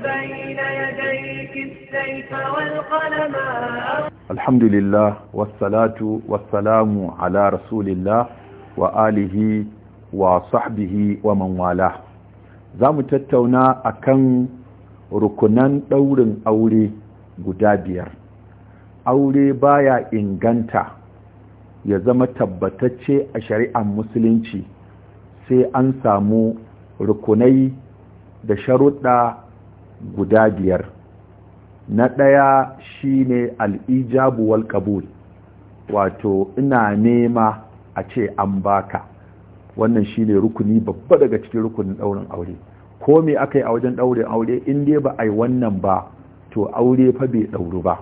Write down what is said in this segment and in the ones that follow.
بين يديك السيف والقلم الحمد لله والصلاة والسلام على رسول الله وآله وصحبه ومن والاه za mu tattauna a kan rukunan ɗaurin aure guda biyar aure baya inganta ya zama tabbatacce a shari'ar musulunci sai an samu rukunai da sharuɗa guda biyar na ɗaya shine al'ijabu wal qabul wato ina nema a ce an baka wannan shine rukuni babba daga cikin rukunin ɗaurin aure ko me aka yi a wajen ɗaurin aure in dai ba a yi wannan ba to aure fa bai ɗauru ba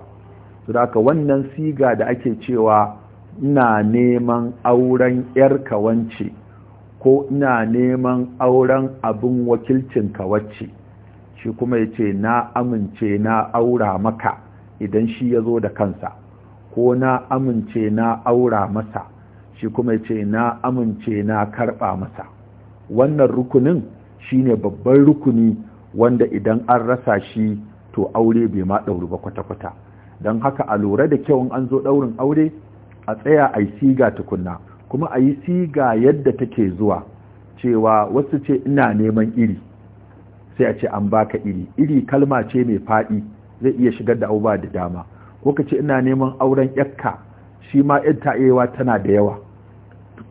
su da wannan siga da ake cewa ina neman auren 'yar kawance ko ina neman auren abin wakilcin kawacce shi kuma ya ce na amince na aura maka idan shi ya zo da kansa ko na amince na aura masa shi kuma ya ce na amince na karɓa masa wannan rukunin shi ne babban rukuni wanda idan an rasa shi to aure bai ma ɗauri ba kwata-kwata don haka a lura da kyau an zo ɗaurin aure a tsaya a yi siga tukunna kuma a yi siga yadda take zuwa cewa wasu ce ina neman iri sai a ce an baka iri iri kalma ce mai faɗi zai iya shigar da abubuwa da dama ko ka ce ina neman auren yakka shi ma yar yawa tana da yawa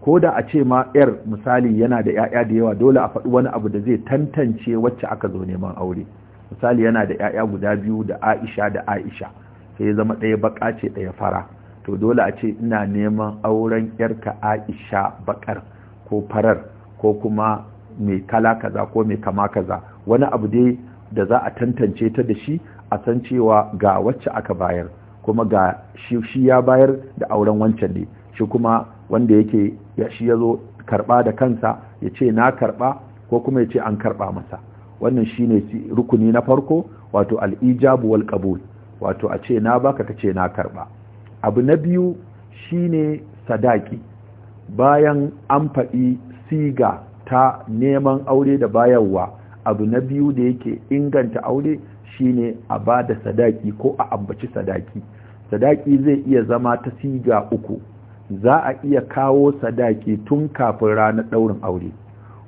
ko da a ce ma yar misali yana da ya'ya da yawa dole a faɗi wani abu da zai tantance wacce aka zo neman aure misali yana da ya'ya guda biyu da aisha da aisha sai ya zama ɗaya baka ce ɗaya fara to dole a ce ina neman auren yarka aisha bakar ko farar ko kuma mai kala kaza ko mai kama kaza wani abu dai da za a tantance ta da shi a san cewa ga wacce aka bayar kuma ga shi ya bayar da auren wancan ne shi kuma wanda yake ya shi ya zo karba da kansa ya ce na karba ko kuma ya ce an karba masa wannan shi shine rukuni na farko wato al'ijabu wal kabul wato a ce na baka ka ce na karba abu na biyu shi ne sadaki bayan an faɗi siga ta neman aure da bayarwa abu na biyu da yake inganta aure shine a ba da sadaki ko a ambaci sadaki sadaki zai iya zama ta siga uku za a iya kawo sadaki tun kafin ranar ɗaurin aure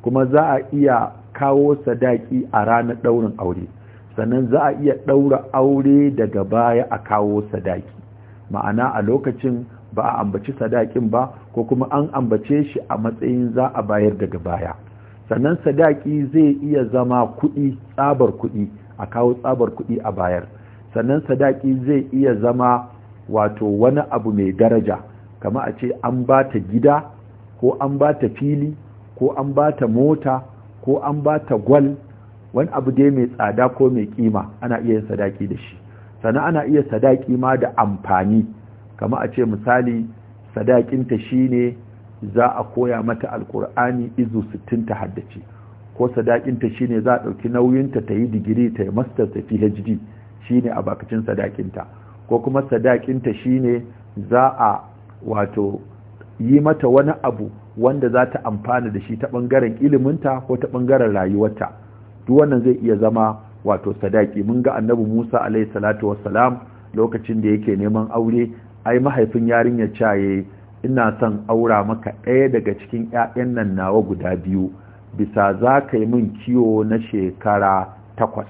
kuma za a iya kawo sadaki a ranar ɗaurin aure sannan za a iya ɗaura aure daga baya a kawo sadaki ma'ana a lokacin ba a ambaci sadakin ba ko kuma an ambace shi a matsayin za a bayar daga baya sannan sadaki zai iya zama kuɗi tsabar kuɗi a kawo tsabar kuɗi a bayar sannan sadaki zai iya zama wato wani abu mai daraja kama a ce an ba ta gida ko an ba ta fili ko an ba ta mota ko an ba ta gwal wani abu dai mai tsada ko mai kima ana iya yin sadaki da shi sannan ana iya sadaki ma da amfani kama a ce misali sadakinta shine za a koya mata alkur'ani izu 60 ta haddace ko sadakinta shine za a ɗauki nauyinta ta yi digiri ta yi master ta phd shine a bakacin sadakinta ko kuma sadakinta shine za a wato yi mata wani abu wanda za ta amfana da shi ta ɓangaren iliminta ko ta ɓangaren rayuwarta duk wannan zai iya zama wato sadaki mun ga annabi musa alaihi salatu wassalam lokacin da yake neman aure ai mahaifin yarinyar caye ina son aura maka ɗaya daga cikin 'ya'yan nan nawa guda biyu bisa za ka yi min kiwo na shekara takwas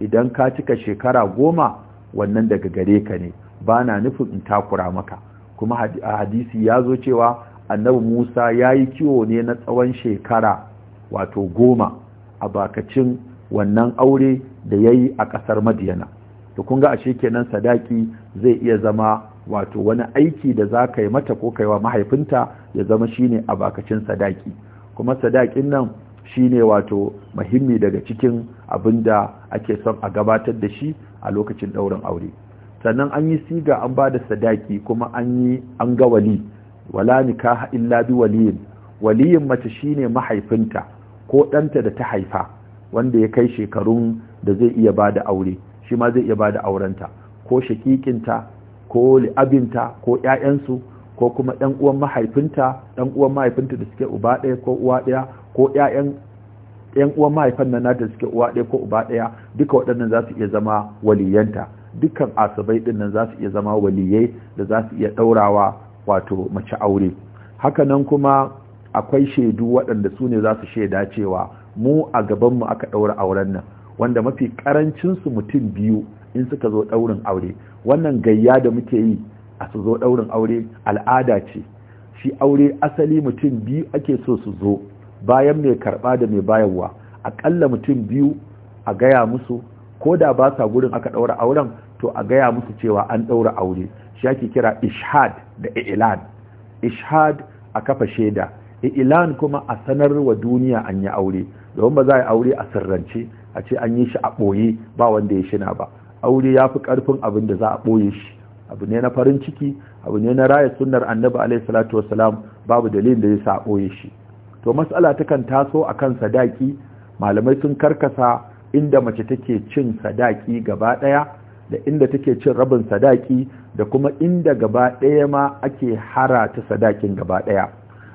idan ka cika shekara goma wannan daga gare ka ne ba na nufin in takura maka kuma a hadisi ya zo cewa annabi musa ya yi kiwo ne na tsawon shekara wato goma a bakacin wannan aure da ya yi a ƙasar madiyana to kun ga ashe kenan sadaki zai iya zama wato wani aiki da za ka yi mata ko kaiwa mahaifinta ya zama shine a bakacin sadaki kuma sadakin nan shine wato muhimmi daga cikin abin da ake son a gabatar da shi a lokacin ɗaurin aure sannan an yi siga an ba da sadaki kuma an yi an ga wali wala nikaha illa bi waliyin waliyin mace shine mahaifinta ko ɗanta da ta haifa wanda ya kai shekarun da zai iya ba da aure shi ma zai iya ba da aurenta ko shakikinta ko li'abinta ko 'ya'yansu, ko kuma 'yan uwan mahaifinta ɗan uwan mahaifinta da suke uba ɗaya ko uwa ɗaya ko ƴaƴan uwan mahaifan nan nata suke uwa ɗaya ko uba ɗaya duka waɗannan za su iya zama waliyanta Dukan asabai ɗin nan za su iya zama waliyai da za su iya ɗaurawa wato mace aure haka nan kuma akwai shaidu waɗanda su ne za su shaida cewa mu a gabanmu aka ɗaura auren nan wanda mafi karancinsu mutum biyu in suka zo ɗaurin aure wannan gayya da muke yi a su zo ɗaurin aure al'ada ce shi aure asali mutum biyu ake so su zo bayan mai karɓa da mai bayarwa aƙalla mutum biyu a gaya musu ko da ba sa gurin aka ɗaura auren to a gaya musu cewa an ɗaura aure shi ake kira ishad da ilan ishad a kafa shaida ilan kuma a sanarwa duniya an yi aure domin ba za a yi aure a sirrance a ce an yi shi a ɓoye ba wanda ya shina ba aure ya fi ƙarfin abin da za a ɓoye shi abu ne na farin ciki abu ne na raya sunnar annabi alai salatu wasalam babu dalilin da ya sa a ɓoye shi to matsala takan taso a kan sadaki malamai sun karkasa inda mace take cin sadaki gaba ɗaya da inda take cin rabin sadaki da kuma inda gaba ɗaya ma ake hara ta sadakin gaba ɗaya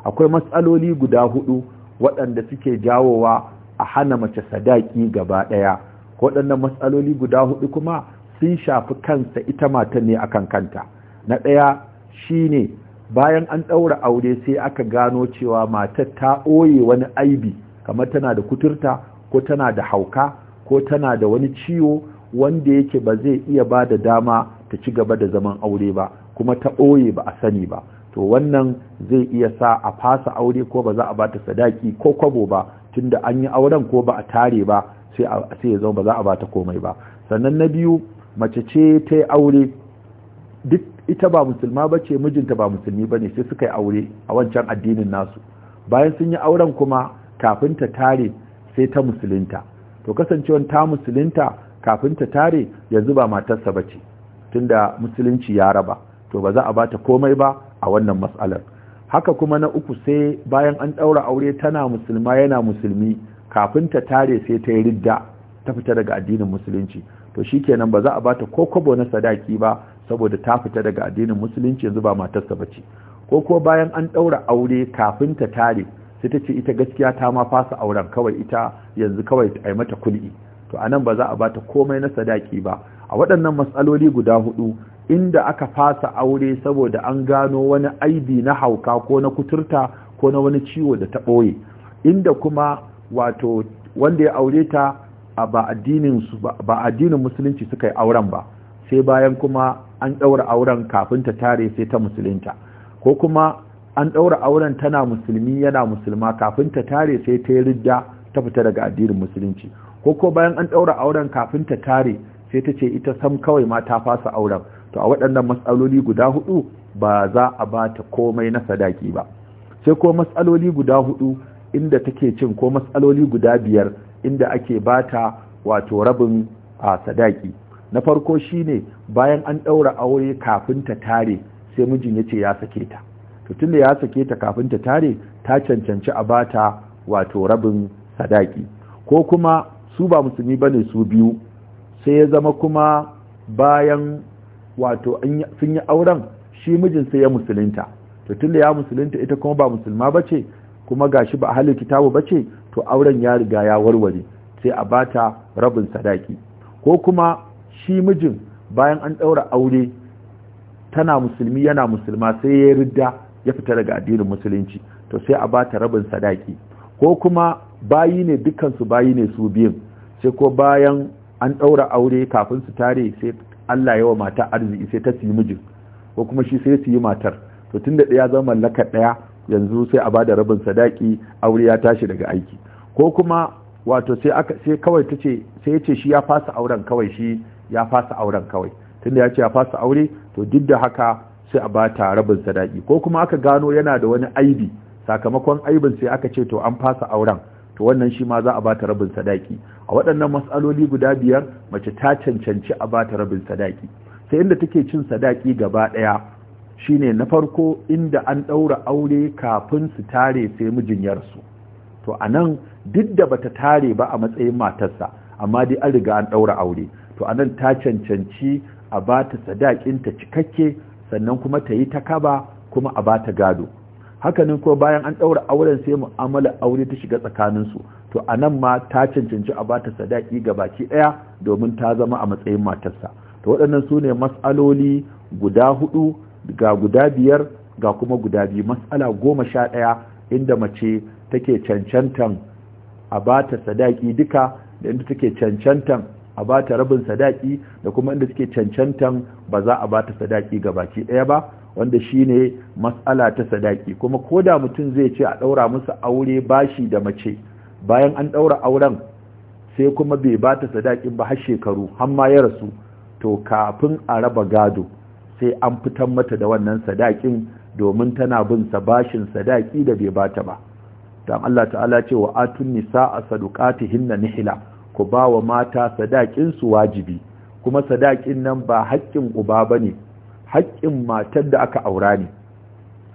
akwai matsaloli guda hudu waɗanda suke jawowa a hana mace sadaki gaba ɗaya waɗannan matsaloli guda hudu kuma sun shafi kansa ita matan ne akan kanta na ɗaya shine bayan an ɗaura aure sai aka gano cewa matar ta ɓoye wani aibi kamar tana da kuturta ko tana da hauka ko tana da wani ciwo wanda yake ba zai iya ba da dama ta ci gaba da zaman aure ba kuma ta ɓoye ba a sani ba to wannan zai iya sa a fasa aure ko ba za a bata sadaki ko kwabo ba tunda an yi auren ko ba a tare ba sai ya zama ba za a bata komai ba sannan na biyu mace ce ta yi aure duk ita ba musulma ba ce mijinta ba musulmi ba ne sai suka yi aure a wancan addinin nasu bayan sun yi auren kuma kafin ta tare sai ta musulunta to kasancewan ta musulunta kafin ta tare yanzu ba matarsa ba ce tunda musulunci ya raba to ba za a bata komai ba a wannan matsalar haka kuma na uku sai bayan an ɗaura aure tana musulma yana musulmi kafin ta tare sai ta yi ridda ta fita daga addinin musulunci to shi kenan ba za a bata ko kwabo na sadaki ba saboda ta fita daga addinin musulunci yanzu ba matarsa bace ko ko bayan an ɗaura aure kafin ta tare sai ta ce ita gaskiya ta ma fasa auren kawai ita yanzu kawai ta yi mata kul'i to anan ba za a bata komai na sadaki ba a waɗannan matsaloli guda hudu inda aka fasa aure saboda an gano wani aibi na hauka ko na kuturta ko na wani ciwo da ta ɓoye inda kuma wato wanda ya aure ta ba addinin musulunci suka yi auren ba sai bayan kuma an ɗaura auren kafin ta tare sai ta musulunta ko kuma an ɗaura auren tana musulmi yana musulma kafin ta tare sai ta yi ridda ta fita daga addinin musulunci ko ko bayan an ɗaura auren kafin ta tare sai ta ce ita sam kawai ma ta fasa auren to a waɗannan matsaloli guda hudu ba za a ba ta komai na sadaki ba sai ko matsaloli guda hudu inda take cin ko matsaloli guda biyar inda ake ba ta wato rabin a sadaki na farko shine bayan an ɗaura aure kafin ta tare sai mijin ya ce ya sake ta to tunda ya sake ta kafin ta tare ta cancanci a ba ta, wato rabin sadaki ko kuma su ba musulmi bane su biyu sai ya zama kuma bayan wato sun yi auren shi mijin sai ya musulunta to tunda ya musulunta ita kuma ba musulma bace kuma gashi ba ahlul kitabu bace to auren ya riga ya warware sai a bata rabin sadaki ko kuma shi mijin bayan an daura aure tana musulmi yana musulma sai ya ridda ya fita daga addinin musulunci to sai a bata rabin sadaki ko kuma bayi ne dukkan su bayi ne su biyun, sai ko bayan an ɗaura aure kafin su tare sai Allah yawa mata arziki sai ta siyi mijin ko kuma shi sai su yi matar to tun da ɗaya zama mallakar ɗaya yanzu sai a bada rabin sadaki aure ya tashi daga aiki ko kuma wato sai aka sai kawai tace sai yace shi ya fasa auren kawai shi ya fasa auren kawai tunda ya ce ya fasa aure to duk da haka sai a bata rabin sadaki ko kuma aka gano yana da wani aibi sakamakon aibin sai aka ce to an fasa auren to wannan shi ma za a bata rabin sadaki a waɗannan matsaloli guda biyar mace ta cancanci a bata rabin sadaki sai inda take cin sadaki gaba ɗaya shine na farko inda an ɗaura aure kafin su tare sai mijin yarsu to a nan duk da bata tare ba a matsayin matarsa amma dai an riga an ɗaura aure to a nan ta cancanci a bata sadakinta cikakke sannan kuma ta yi ta kaba kuma a bata gado haka hakanin ko bayan an ɗaura auren sai mu'amala aure ta shiga tsakanin su, to a nan ma ta cancanci a bata sadaki ga baki ɗaya domin ta zama a matsayin matarsa to waɗannan su ne matsaloli guda hudu ga guda biyar ga kuma guda biyu matsala goma sha ɗaya inda mace take cancantan a bata sadaki duka da inda take cancantan a bata rabin sadaki da kuma inda take cancantan ba za a bata sadaki ga baki ɗaya ba wanda shine matsala ta sadaki kuma ko da mutum zai ce a daura musu aure bashi da mace bayan an daura auren sai kuma bai ba ta sadakin ba har shekaru har ma ya rasu to kafin a raba gado sai an fitan mata da wannan sadakin domin tana bin sa bashin sadaki da bai ba ta ba dan Allah ta'ala ce wa atun ta hinna nihla ku ba wa mata sadakin su wajibi kuma sadakin nan ba haƙƙin uba bane haƙƙin matar da aka aura ne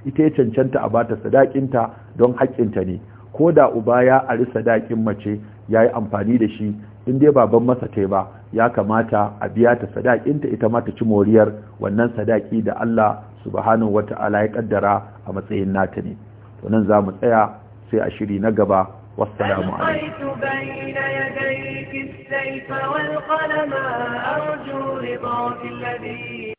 ita ya cancanta a bata sadakinta don haƙƙinta ne ko da uba ya ari sadakin mace ya yi amfani da shi in dai baban masa tai ba ya kamata a biya ta sadakinta ita ma ta ci moriyar wannan sadaki da Allah subhanahu wata'ala ya kaddara a matsayin nata ne to nan za mu tsaya sai a shiri na gaba wassalamu alaikum